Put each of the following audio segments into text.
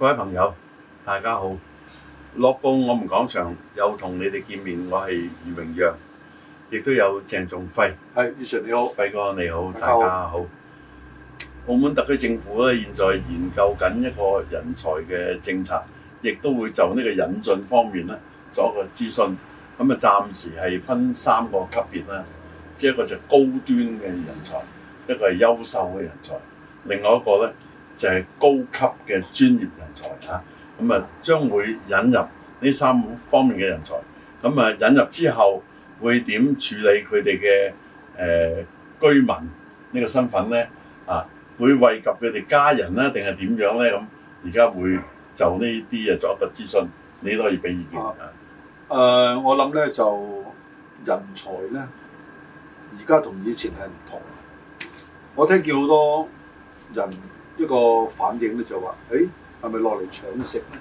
各位朋友，大家好！落布我講們廣場又同你哋見面，我係余明陽，亦都有鄭仲輝。係，余 s 你好。輝哥你好，大家好。澳門特區政府咧，現在研究緊一個人才嘅政策，亦都會就呢個引進方面咧，做一個諮詢。咁啊，暫時係分三個級別啦，即係一個就高端嘅人才，一個係優秀嘅人才，另外一個咧。就係高級嘅專業人才嚇，咁啊將會引入呢三方面嘅人才，咁啊引入之後會點處理佢哋嘅誒居民呢個身份咧？啊，會惠及佢哋家人咧，定係點樣咧？咁而家會就呢啲啊作一個諮詢，你都可以俾意見啊。誒、呃，我諗咧就人才咧，而家同以前係唔同。我聽見好多人。一個反應咧就話：，誒係咪落嚟搶食咧？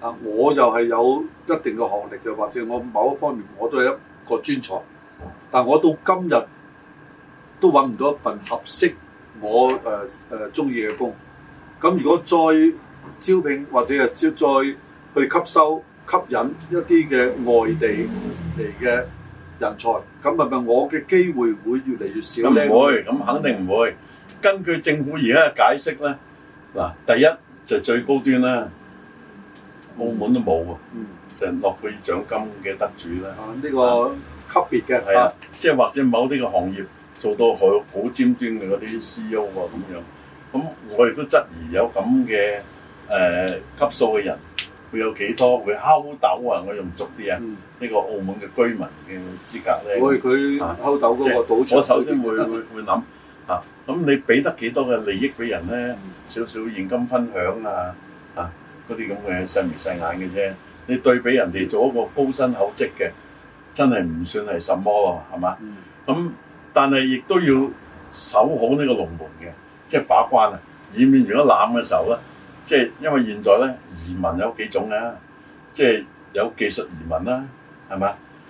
啊，我又係有一定嘅學歷嘅，或者我某一方面我都係一個專才，但係我到今日都揾唔到一份合適我誒誒中意嘅工。咁如果再招聘或者係招再去吸收吸引一啲嘅外地嚟嘅人才，咁係咪我嘅機會會越嚟越少咧？唔會，咁肯定唔會。根據政府而家嘅解釋咧，嗱，第一就係、最高端啦，澳門都冇、嗯、啊，就係諾貝爾獎金嘅得主啦。呢個級別嘅，係啊是，即係對或者某啲嘅行業做到好好尖端嘅嗰啲 CEO 啊咁樣。咁我亦都質疑有咁嘅誒級數嘅人會有幾多會拋豆啊？我用足啲啊，呢、嗯、個澳門嘅居民嘅資格咧。我佢拋豆嗰個賭場。啊就係、我首先會、嗯、會會諗。啊，咁你俾得幾多嘅利益俾人咧？少少現金分享啊，啊，嗰啲咁嘅細眉細眼嘅啫。你對比人哋做一個高薪厚職嘅，真係唔算係什麼喎，係嘛？咁，嗯，啊，但係亦都要守好呢個龍門嘅，即係把關啊，以免如果攬嘅時候咧，即係因為現在咧移民有幾種啊，即係有技術移民啦，啊，係嘛？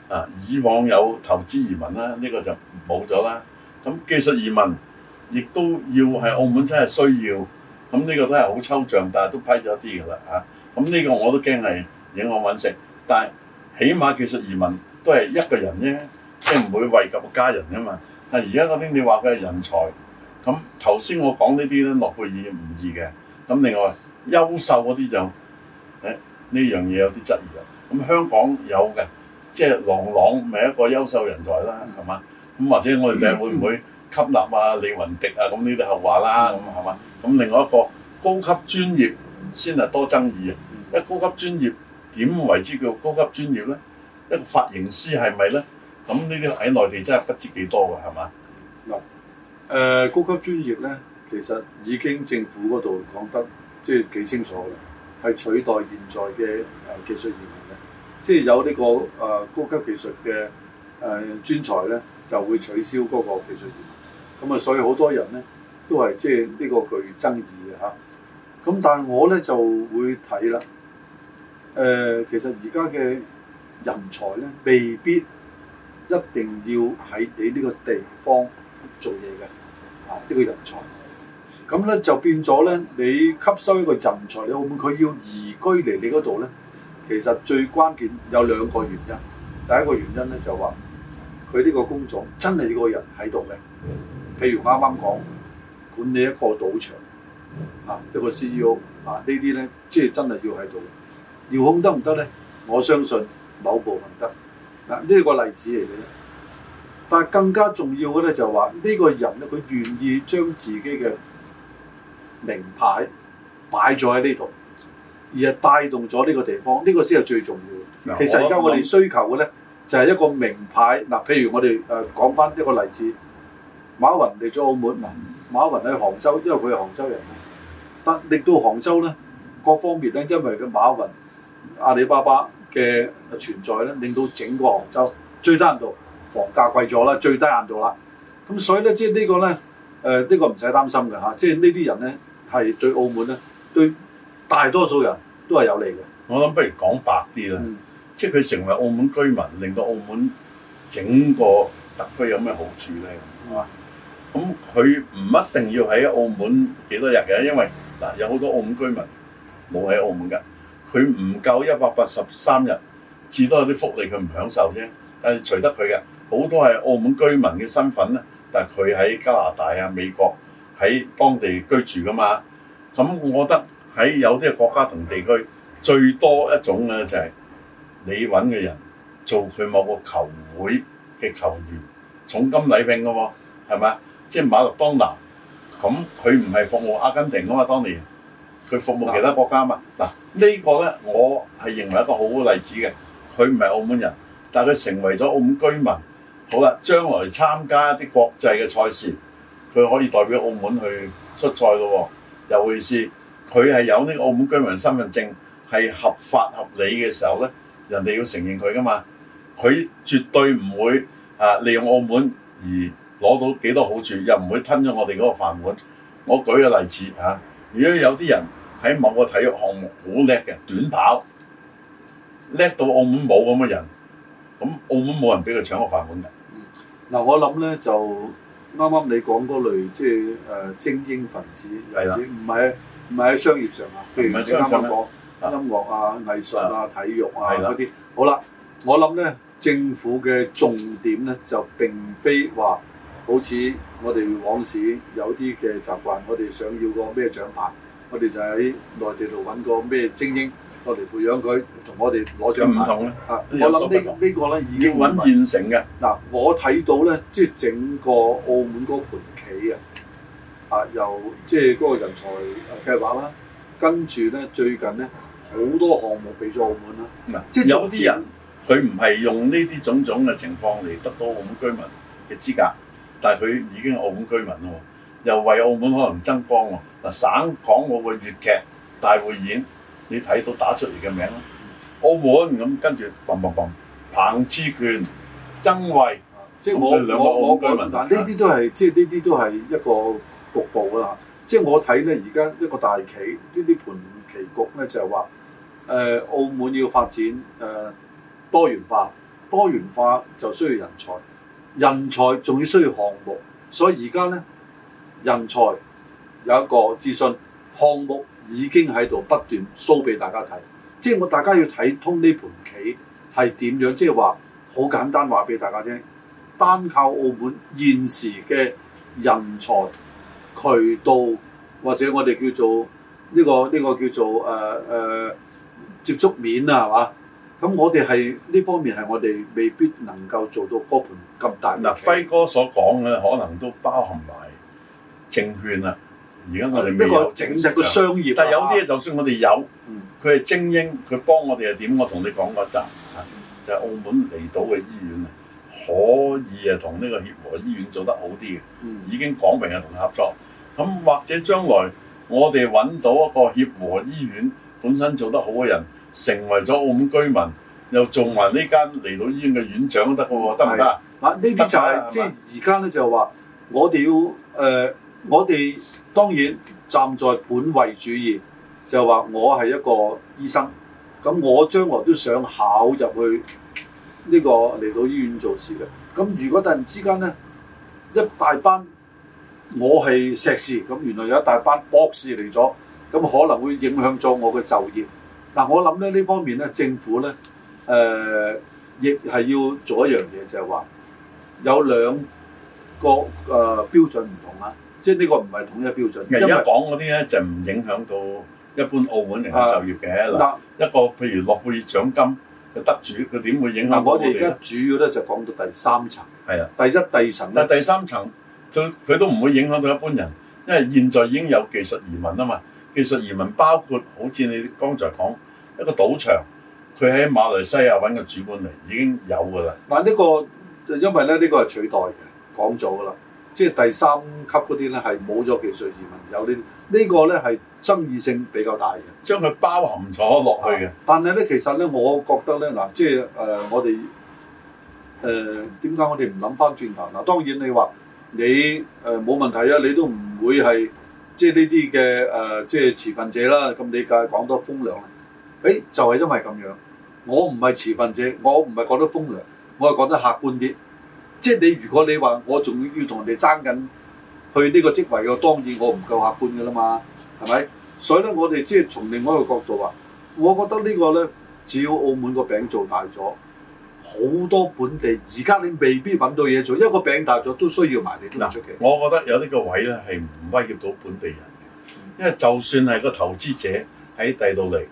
啊，以往有投資移民啦，呢個就冇咗啦。咁技術移民亦都要係澳門真係需要，咁、這、呢個都係好抽象，但係都批咗一啲㗎啦嚇。咁、啊、呢、這個我都驚係影響揾食，但係起碼技術移民都係一個人啫，即係唔會惠及家人㗎嘛。但係而家嗰啲你話佢係人才，咁頭先我講呢啲諾貝爾唔易嘅。咁另外優秀嗰啲就誒呢樣嘢有啲質疑啊。咁香港有嘅，即係郎朗咪一個優秀人才啦，係嘛？咁或者我哋睇會唔會吸納啊李雲迪啊，咁呢啲後話啦，咁係嘛？咁另外一個高級專業先係多爭議啊！一高級專業點為之叫高級專業咧？一個髮型師係咪咧？咁呢啲喺內地真係不知幾多嘅係嘛？嗱，誒、呃、高級專業咧，其實已經政府嗰度講得即係幾清楚嘅，係取代現在嘅誒技術移民嘅，即係有呢、這個誒、呃、高級技術嘅誒、呃、專才咧。就會取消嗰個技術員，咁啊，所以好多人咧都係即係呢個具爭議嘅。嚇。咁但係我咧就會睇啦，誒、呃，其實而家嘅人才咧未必一定要喺你呢個地方做嘢嘅啊，呢、呢個人才。咁咧就變咗咧，你吸收一個人才，你會唔會佢要移居嚟你嗰度咧？其實最關鍵有兩個原因，第一個原因咧就話。佢呢個工作真係呢個人喺度嘅，譬如啱啱講管理一個賭場啊，一個 CEO 啊，這些呢啲咧即係真係要喺度嘅。遙控得唔得咧？我相信某部分得啊，呢、這個例子嚟嘅。但係更加重要嘅咧就係話呢個人咧，佢願意將自己嘅名牌擺咗喺呢度，而係帶動咗呢個地方，呢、這個先係最重要。其實而家我哋需求嘅咧。就係一個名牌嗱，譬如我哋誒講翻一個例子，馬雲嚟咗澳門嗱，馬雲喺杭州，因為佢係杭州人，但嚟到杭州咧，各方面咧，因為佢馬雲阿里巴巴嘅存在咧，令到整個杭州最低限度房價貴咗啦，最低限度啦，咁所以咧、這個，即係呢個咧，誒呢個唔使擔心嘅嚇，即係呢啲人咧係對澳門咧，對大多數人都係有利嘅。我諗不如講白啲啦。嗯即係佢成為澳門居民，令到澳門整個特區有咩好處咧？係嘛？咁佢唔一定要喺澳門幾多日嘅，因為嗱有好多澳門居民冇喺澳門㗎。佢唔夠一百八十三日，至多有啲福利佢唔享受啫。但係除得佢嘅，好多係澳門居民嘅身份咧。但係佢喺加拿大啊、美國喺當地居住噶嘛。咁我覺得喺有啲國家同地區最多一種咧就係、是。你揾嘅人做佢某個球會嘅球員，重金禮聘嘅喎，係咪即係馬勒當拿，咁佢唔係服務阿根廷啊嘛，當年佢服務其他國家啊嘛。嗱我呢個咧，我係認為一個好好例子嘅。佢唔係澳門人，但係佢成為咗澳門居民。好啦，將來參加一啲國際嘅賽事，佢可以代表澳門去出賽咯喎、哦。尤其是佢係有呢個澳門居民嘅身份證，係合法合理嘅時候咧。人哋要承認佢㗎嘛，佢絕對唔會啊利用澳門而攞到幾多好處，又唔會吞咗我哋嗰個飯碗。我舉個例子吓，如果有啲人喺某個體育項目好叻嘅短跑，叻到澳門冇咁嘅人，咁澳門冇人俾佢搶個飯碗㗎。嗱、嗯，我諗咧就啱啱你講嗰類即係誒精英分子人士，唔係唔係喺商業上啊，譬如你啱啱音樂啊、藝術啊、體育啊嗰啲，的好啦，我諗咧，政府嘅重點咧就並非話，好似我哋往時有啲嘅習慣，我哋想要個咩獎牌，我哋就喺內地度揾個咩精英我哋培養佢，同我哋攞獎牌。唔同咧，啊，我諗呢呢個咧已經揾現成嘅。嗱、啊，我睇到咧，即、就、係、是、整個澳門嗰盤棋啊，啊，由即係嗰個人才計劃啦、啊，跟住咧最近咧。好多項目俾咗澳門啦，唔係即係有啲人佢唔係用呢啲種種嘅情況嚟得到澳門居民嘅資格，但係佢已經係澳門居民咯，又為澳門可能爭光喎。嗱，省港澳嘅粵劇大會演，你睇到打出嚟嘅名啦，澳門咁跟住，嘭嘭嘭，彭熾權、曾慧，即係、嗯、我我我哋兩個澳門居民。但係呢啲都係即係呢啲都係一個局部啦。即係我睇咧，而家一個大企呢啲盤。棋局咧就係、是、話，誒、呃、澳門要發展誒、呃、多元化，多元化就需要人才，人才仲要需要項目，所以而家咧人才有一個諮詢，項目已經喺度不斷 show 俾大家睇，即係我大家要睇通呢盤棋係點樣，即係話好簡單話俾大家聽，單靠澳門現時嘅人才渠道或者我哋叫做。呢、這個呢、這個、叫做誒誒、呃呃、接觸面啊，係嘛？咁我哋係呢方面係我哋未必能夠做到鋪盤咁大。嗱，輝哥所講嘅可能都包含埋證券啦。而家我哋呢個整隻嘅商業，就但有啲嘢就算我哋有，佢係、嗯、精英，佢幫我哋係點？我同你講個集啊就係澳門離島嘅醫院啊，可以啊，同呢個協和醫院做得好啲嘅，嗯、已經講明係同佢合作。咁或者將來。我哋揾到一個協和醫院本身做得好嘅人，成為咗澳門居民，又做埋呢間嚟到醫院嘅院長得喎，得唔得啊？呢啲就係、係、吧即係而家咧就話、呃，我哋要誒，我哋當然站在本位主義，就話我係一個醫生，咁我將來都想考入去呢個嚟到醫院做事嘅。咁如果突然之間咧，一大班。我係碩士，咁原來有一大班博士嚟咗，咁可能會影響咗我嘅就業。嗱，我諗咧呢方面咧，政府咧，誒、呃，亦係要做一樣嘢，就係、是、話有兩個誒、呃、標準唔同啊，即係呢個唔係統一標準。而家講嗰啲咧就唔影響到一般澳門人嘅就業嘅。嗱、呃，一個譬如諾貝爾獎金嘅得主，佢點會影響、呃、我哋而家主要咧就講到第三層，係啊的，第一、第二層，但第三層。佢佢都唔會影響到一般人，因為現在已經有技術移民啊嘛。技術移民包括好似你剛才講一個賭場，佢喺馬來西亞搵個主管嚟，已經有㗎喇。嗱呢、這個因為咧，呢、這個係取代嘅，講咗㗎喇。即係第三級嗰啲咧係冇咗技術移民，有啲、這個、呢個咧係爭議性比較大嘅，將佢包含咗落去嘅、啊。但係咧，其實咧，我覺得咧嗱、啊，即係誒、呃、我哋誒點解我哋唔諗返轉頭嗱？當然你話。你誒冇、呃、問題啊！你都唔會係即係呢啲嘅誒，即係、呃、持份者啦。咁你梗係講多風涼，誒、欸、就係因為咁樣。我唔係持份者，我唔係覺得風涼，我係覺得客觀啲。即係你如果你話我仲要同人哋爭緊去呢個職位嘅，當然我唔夠客觀㗎啦嘛，係咪？所以咧，我哋即係從另外一個角度話，我覺得個呢個咧，只要澳門個餅做大咗。好多本地而家你未必揾到嘢做，一個餅大咗都需要埋你推出嘅。我覺得有呢個位咧係唔威脅到本地人嘅，因為就算係個投資者喺第度嚟，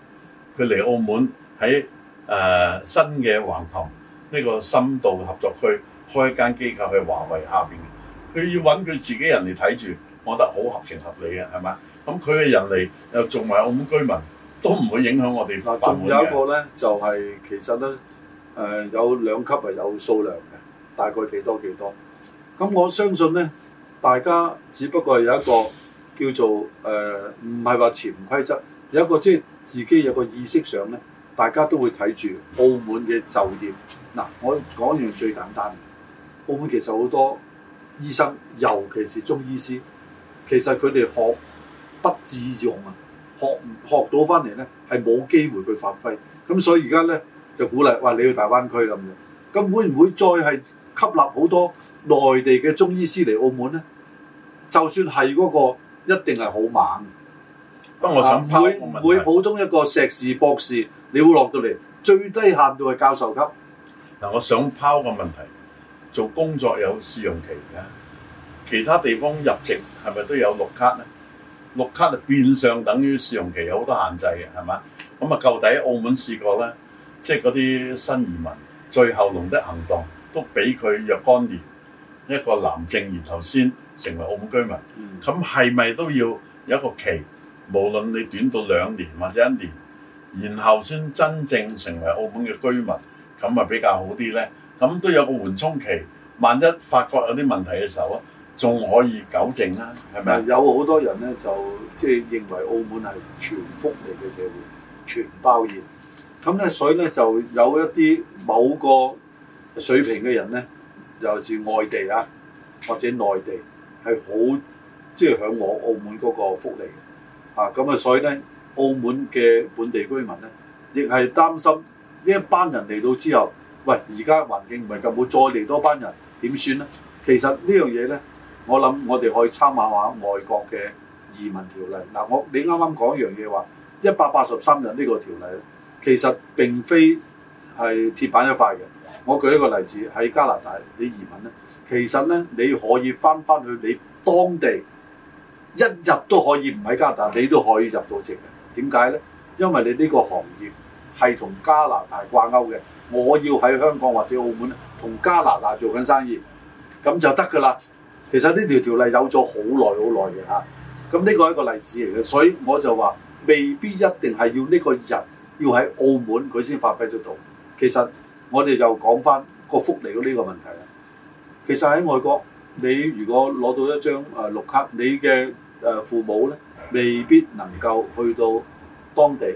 佢嚟澳門喺誒、呃、新嘅橫琴呢、呢個深度合作區開一間機構喺華為下邊，佢要揾佢自己人嚟睇住，我覺得好合情合理嘅，係咪？咁佢嘅人嚟又仲埋澳門居民，都唔會影響我哋。啊，仲有一個咧，就係、是、其實咧。誒有兩級係有數量嘅，大概幾多幾多？咁我相信呢，大家只不過係有一個叫做誒，唔係話潛規則，有一個即係自己有個意識上呢，大家都會睇住澳門嘅就業。嗱，我講完最簡單，澳門其實好多醫生，尤其是中醫師，其實佢哋學不自用啊，學唔學到翻嚟呢，係冇機會去發揮。咁所以而家呢。就鼓勵，話你去大灣區咁樣，咁會唔會再係吸納好多內地嘅中醫師嚟澳門咧？就算係嗰、嗰個，一定係好猛。不，我想拋個問題、啊、會唔會普通一個碩士、博士，你會落到嚟最低限度係教授級。嗱，我想拋個問題：做工作有試用期㗎，其他地方入籍係咪都有綠卡咧？綠卡就變相等於試用期，有好多限制嘅，係嘛？咁啊，究底澳門試過啦。即係嗰啲新移民，最後龍的行動都俾佢若干年一個臨證年頭先成為澳門居民，咁係咪都要有一個期？無論你短到兩年或者一年，然後先真正成為澳門嘅居民，咁咪比較好啲呢？咁都有個緩衝期，萬一發覺有啲問題嘅時候，仲可以糾正啦，係咪？有好多人呢，就即係認為澳門係全福利嘅社會，全包業。咁咧，所以咧就有一啲某個水平嘅人咧，尤其是外地啊，或者內地，係好，即係享我澳門嗰個福利啊！咁啊，所以咧，澳門嘅本地居民咧，亦係擔心呢一班人嚟到之後，喂，而家環境唔係咁好，再嚟多班人點算咧？其實這呢樣嘢咧，我諗我哋可以參考下外國嘅移民條例嗱、啊，我你啱啱講一樣嘢話，一百八十三人呢個條例。其實並非係鐵板一塊嘅。我舉一個例子，喺加拿大你移民咧，其實咧你可以翻翻去你當地，一日都可以唔喺加拿大，你都可以入到籍嘅。點解咧？因為你呢個行業係同加拿大掛鈎嘅。我要喺香港或者澳門同加拿大做緊生意，咁就得㗎啦。其實呢條條例有咗好耐好耐嘅嚇。咁呢個係一個例子嚟嘅，所以我就話未必一定係要呢個人。要喺澳門佢先發揮得到。其實我哋就講翻個福利呢個問題啦。其實喺外國，你如果攞到一張誒綠卡，你嘅誒父母咧，未必能夠去到當地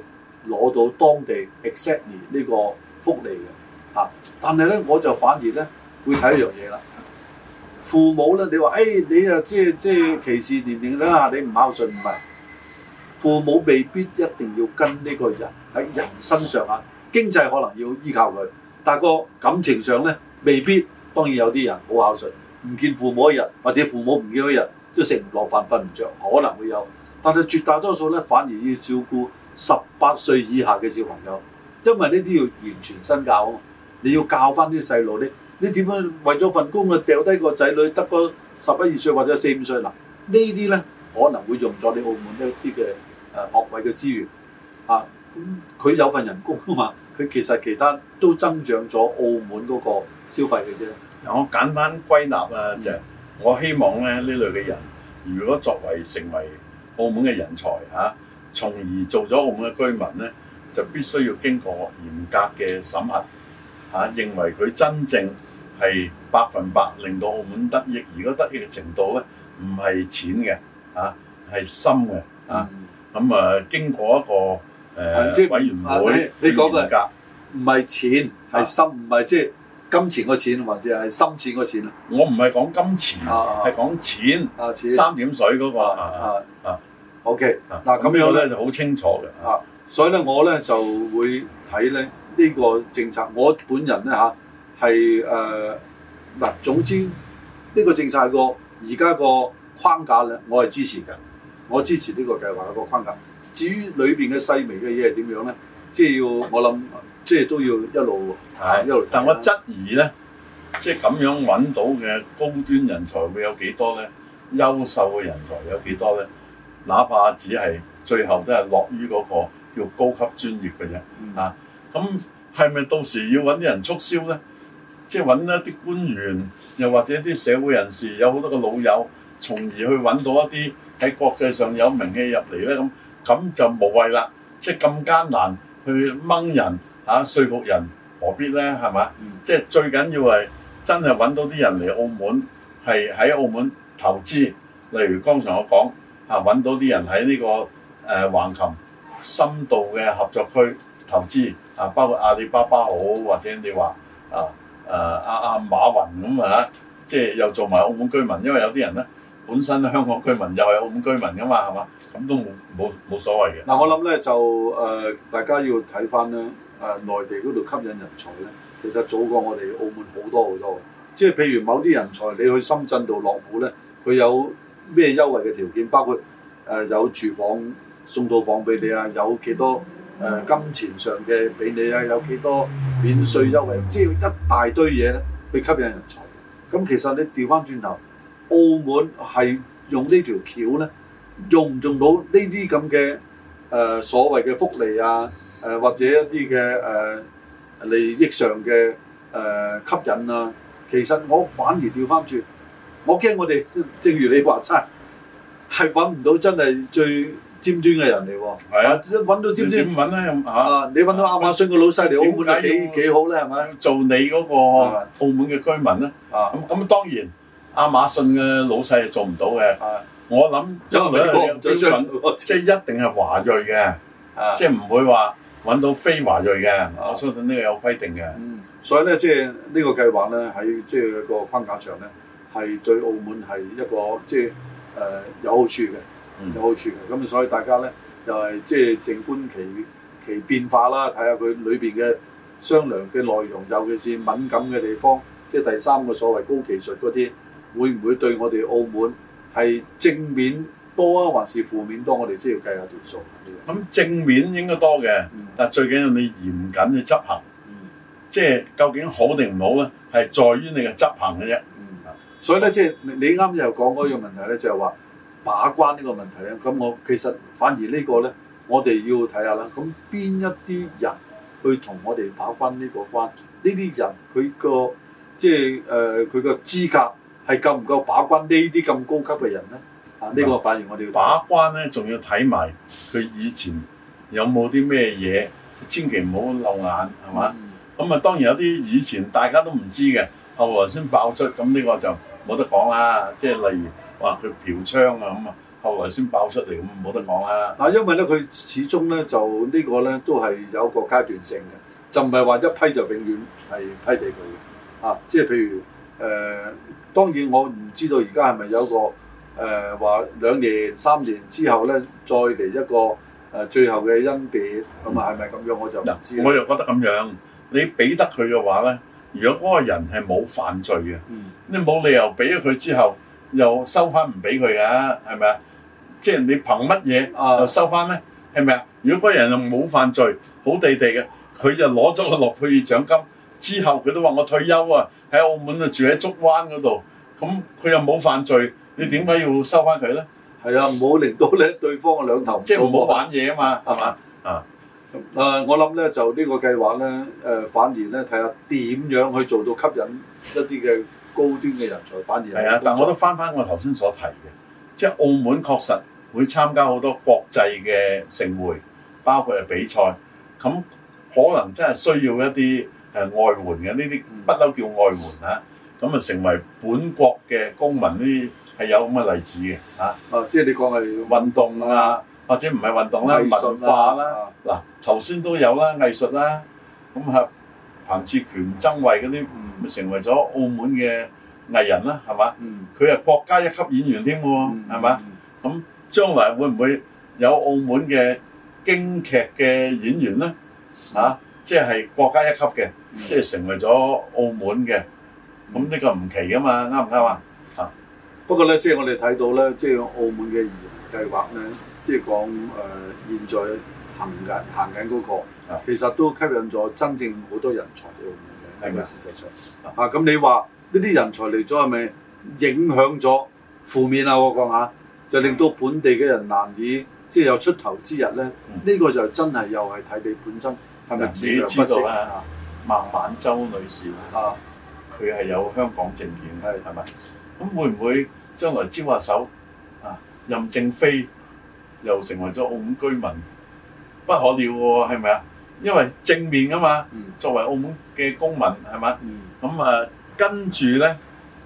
攞到當地 exactly 呢個福利嘅嚇。但係咧，我就反而咧會睇一樣嘢啦。父母咧，你話誒，你啊即係即係歧視年齡啦，你唔孝順唔係。父母未必一定要跟呢個人喺人身上啊，經濟可能要依靠佢，但係個感情上咧未必。當然有啲人好孝順，唔見父母一日或者父母唔見一日都食唔落飯、瞓唔著，可能會有。但係絕大多數咧反而要照顧十八歲以下嘅小朋友，因為呢啲要言傳身教啊嘛，你要教翻啲細路咧，你點樣為咗份工啊掉低個仔女得個十一二歲或者四五歲嗱，呢啲咧可能會用咗你澳門一啲嘅。誒學位嘅資源啊，咁佢有份人工啊嘛，佢其實其他都增長咗澳門嗰個消費嘅啫。我簡單歸納啊，就係、嗯、我希望咧呢這類嘅人，如果作為成為澳門嘅人才嚇、啊，從而做咗澳門嘅居民咧，就必須要經過嚴格嘅審核嚇、啊，認為佢真正係百分百令到澳門得益。如果得益嘅程度咧，唔係淺嘅嚇，係深嘅嚇。咁啊，經過一個誒即係委員會，你講嘅唔係錢，係心，唔係即係金錢個錢，還是係心錢個錢啊？我唔係講金錢，係講、啊、錢，啊、錢三點水嗰個啊啊啊，OK，嗱咁、啊、樣咧就好清楚嘅、啊、所以咧我咧就會睇咧呢個政策，我本人咧吓，係誒嗱，總之呢個政策個而家個框架咧，我係支持嘅。我支持呢個計劃、這個框架，至於裏邊嘅細微嘅嘢係點樣咧，即係要我諗，即係都要一路，是一路。但我質疑咧，即係咁樣揾到嘅高端人才會有幾多咧？優秀嘅人才有幾多咧？哪怕只係最後都係落於嗰個叫高級專業嘅啫。嗯、啊，咁係咪到時要揾啲人促銷咧？即係揾一啲官員，又或者啲社會人士，有好多個老友，從而去揾到一啲。喺國際上有名氣入嚟咧，咁咁就無謂啦。即係咁艱難去掹人嚇、啊，說服人何必呢？係咪？嗯、即係最緊要係真係揾到啲人嚟澳門，係喺澳門投資。例如剛才我講嚇，揾、啊、到啲人喺呢、呢個誒、呃、橫琴深度嘅合作區投資啊，包括阿里巴巴好，或者你話啊啊阿阿、啊、馬雲咁啊，即係又做埋澳門居民。因為有啲人呢。本身香港居民又係澳門居民噶嘛，係嘛？咁都冇冇冇所謂嘅。嗱，我諗咧就誒，大家要睇翻咧誒，內地嗰度吸引人才咧，其實早過我哋澳門好多好多。即係譬如某啲人才，你去深圳度落戶咧，佢有咩優惠嘅條件？包括誒有住房送到房俾你啊，有幾多誒金錢上嘅俾你啊，有幾多免稅優惠？即係一大堆嘢咧，去吸引人才。咁其實你調翻轉頭。澳門係用這條呢條橋咧，用唔用到呢啲咁嘅誒所謂嘅福利啊？誒、呃、或者一啲嘅誒利益上嘅誒、呃、吸引啊？其實我反而調返轉，我驚我哋正如你話齋，係揾唔到真係最尖端嘅人嚟喎。係啊，即係揾到尖端點揾咧？嚇、啊啊！你揾到亞馬遜個老細嚟澳門幾，幾幾好咧？係咪？做你嗰個澳門嘅居民咧？啊！咁咁當然。亞馬遜嘅老細係做唔到嘅，啊、我諗即係一定係華裔嘅，即係唔會話揾到非華裔嘅。啊、我相信呢個有規定嘅，嗯、所以咧即係呢個計劃咧喺即係個框架上咧，係對澳門係一個即係誒有好處嘅，有好處嘅。咁、嗯、所以大家咧又係即係靜觀其其變化啦，睇下佢裏邊嘅商量嘅內容，尤其是敏感嘅地方，即係第三個所謂高技術嗰啲。會唔會對我哋澳門係正面多啊，還是負面多？我哋即係要計下條數。咁正面應該多嘅，嗯、但最緊要你嚴謹去執行。嗯、即係究竟好定唔好咧，係在於你嘅執行嘅啫。嗯、所以咧，即係你啱又講嗰樣問題咧，就係話把關呢個問題咧。咁我其實反而呢個咧，我哋要睇下啦。咁邊一啲人去同我哋把關呢個關？呢啲人佢個即係誒佢個資格。係夠唔夠把關呢啲咁高級嘅人咧？啊，呢個反而我哋要把關咧，仲要睇埋佢以前有冇啲咩嘢，千祈唔好漏眼，係嘛？咁啊，當然有啲以前大家都唔知嘅，後來先爆出，咁呢個就冇得講啦。即係例如話佢嫖娼啊咁啊，後來先爆出嚟，咁冇得講啦。啊，因為咧，佢始終咧就呢個咧都係有個階段性嘅，就唔係話一批就永遠係批俾佢嘅。啊，即係譬如誒。呃當然，我唔知道而家係咪有個誒話兩年、三年之後咧，再嚟一個誒、呃、最後嘅甄別。咁啊、嗯，係咪咁樣我就唔知道。我又覺得咁樣。你俾得佢嘅話咧，如果嗰個人係冇犯罪嘅，嗯、你冇理由俾咗佢之後又收翻唔俾佢嘅，係咪啊？即係你憑乜嘢又收翻咧？係咪啊？如果嗰個人冇犯罪，好地地嘅，佢就攞咗個諾貝爾獎金。之後佢都話我退休啊，喺澳門啊住喺竹灣嗰度，咁佢又冇犯罪，你點解要收翻佢呢？係啊，冇令到你對方兩頭即係唔好玩嘢啊嘛，係嘛吧？吧啊，誒、啊、我諗咧就呢個計劃咧誒、呃，反而咧睇下點樣去做到吸引一啲嘅高端嘅人才，反而係啊。但我都翻翻我頭先所提嘅，即係澳門確實會參加好多國際嘅盛會，包括係比賽，咁可能真係需要一啲。誒外援嘅呢啲，不嬲叫外援嚇，咁啊成為本國嘅公民呢啲係有咁嘅例子嘅嚇。啊，即係你講係運動啊，或者唔係運動啦，啊、文化啦，嗱頭先都有啦，藝術啦，咁啊，啊彭志權曾慧嗰啲咪成為咗澳門嘅藝人啦，係嘛？佢啊、嗯、係國家一級演員添喎，係嘛？咁將來會唔會有澳門嘅京劇嘅演員咧？嚇、嗯？即係國家一級嘅，即係成為咗澳門嘅，咁呢、嗯、個唔奇噶嘛，啱唔啱啊？嚇！不過咧，即係我哋睇到咧，即係澳門嘅移民計劃咧，即係講誒現在行緊行緊嗰、那個，嗯、其實都吸引咗真正好多人才澳門嘅。係咪事實上，啊咁、嗯、你話呢啲人才嚟咗係咪影響咗負面啊？我講下，就令到本地嘅人難以即係有出頭之日咧。呢、嗯、個就真係又係睇你本身。係咪自己知道咧？孟晚舟女士啊，佢係有香港證件咧，係咪？咁會唔會將來招下手啊？任正非又成為咗澳門居民，不可料喎，係咪啊？因為正面啊嘛，作為澳門嘅公民係咪，咁啊跟住咧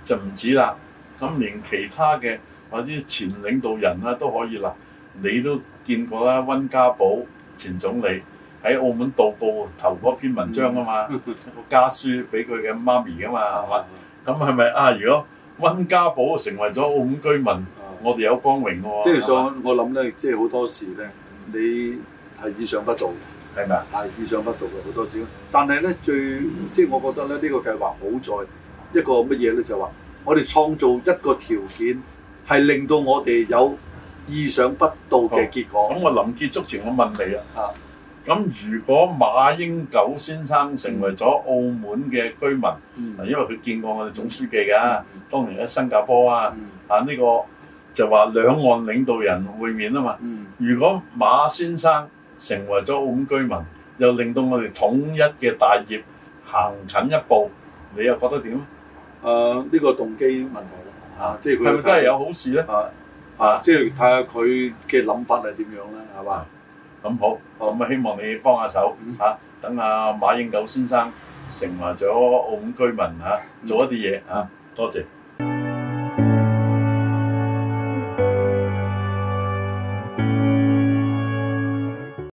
就唔止啦，咁連其他嘅或者前領導人啦都可以啦，你都見過啦，温家寶前總理。喺澳門報報頭嗰一篇文章啊嘛，一個家書俾佢嘅媽咪啊嘛，係嘛、嗯？咁係咪啊？如果温家寶成為咗澳門居民，嗯、我哋有光榮喎是。即係我想，我諗咧，即係好多時咧，你係意想不到嘅，係咪啊？係意想不到嘅好多時。但係咧，最即係我覺得咧，呢、這個計劃好在一個乜嘢咧，就話、是、我哋創造一個條件，係令到我哋有意想不到嘅結果。咁我臨結束前，我問你啊，嚇、嗯！咁如果馬英九先生成為咗澳門嘅居民，因為佢見過我哋總書記㗎，當年喺新加坡啊，啊呢個就話兩岸領導人會面啊嘛。如果馬先生成為咗澳門居民，又令到我哋統一嘅大業行近一步，你又覺得點啊？誒，呢個動機問題咯，即係佢係咪都係有好事呢。啊，即係睇下佢嘅諗法係點樣呢？係嘛？咁好，咁希望你幫下手，啊，等阿，啊，馬英九先生成為咗澳門居民，啊，做一啲嘢，啊，多謝。